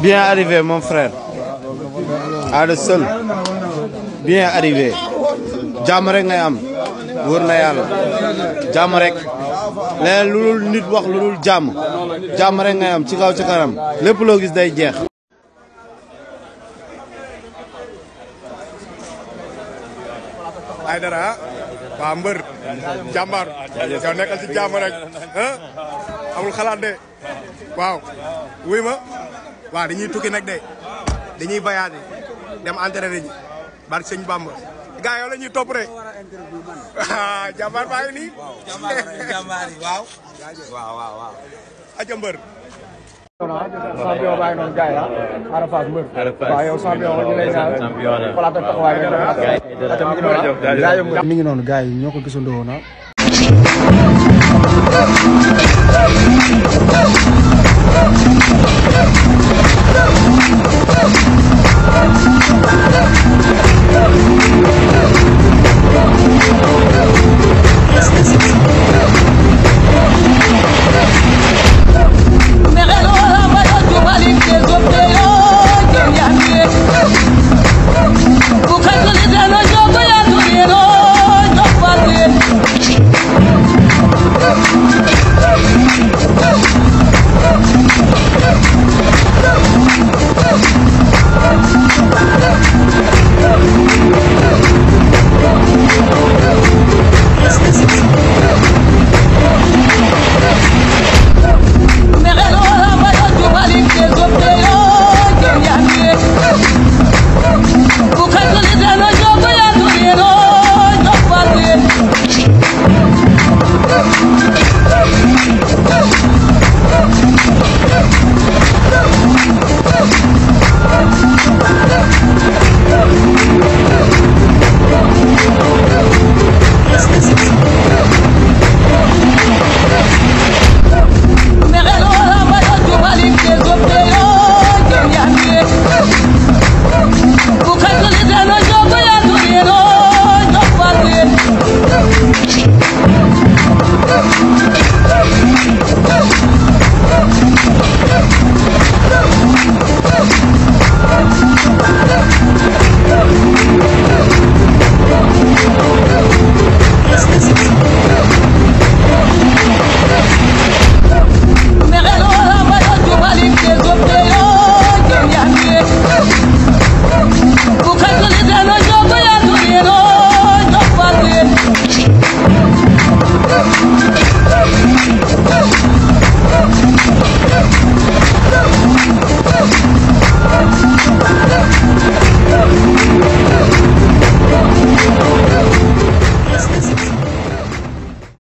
Bien arrivé, mon frère. Ada Seul. Bien arrivé. jàmm rek ngay am wóor na yàlla jàmm rek leneen lu dul nit wax lu dul jàmm jàmm rek ngay am ci kaw ci kanam lépp loo gis day jeex. Aïdara waa mbër jàmbaar yow nekkal rek ah amul xalaat de waaw. wuy ma waaw dañuy tukki nag de dañuy bayaat dem entraîné ji barke sëñ Bamba gaa yow la ñuy topp rek ah, jàmbaar baa ngi wow wow wow waaw aja champion baa ngi noonu la ah. Arafat yow champion ñu lay ñaan plateau taxawaay nga mi